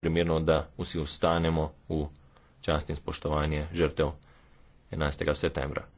primerno, da vsi ostanemo v čast in spoštovanje žrtev 11. septembra.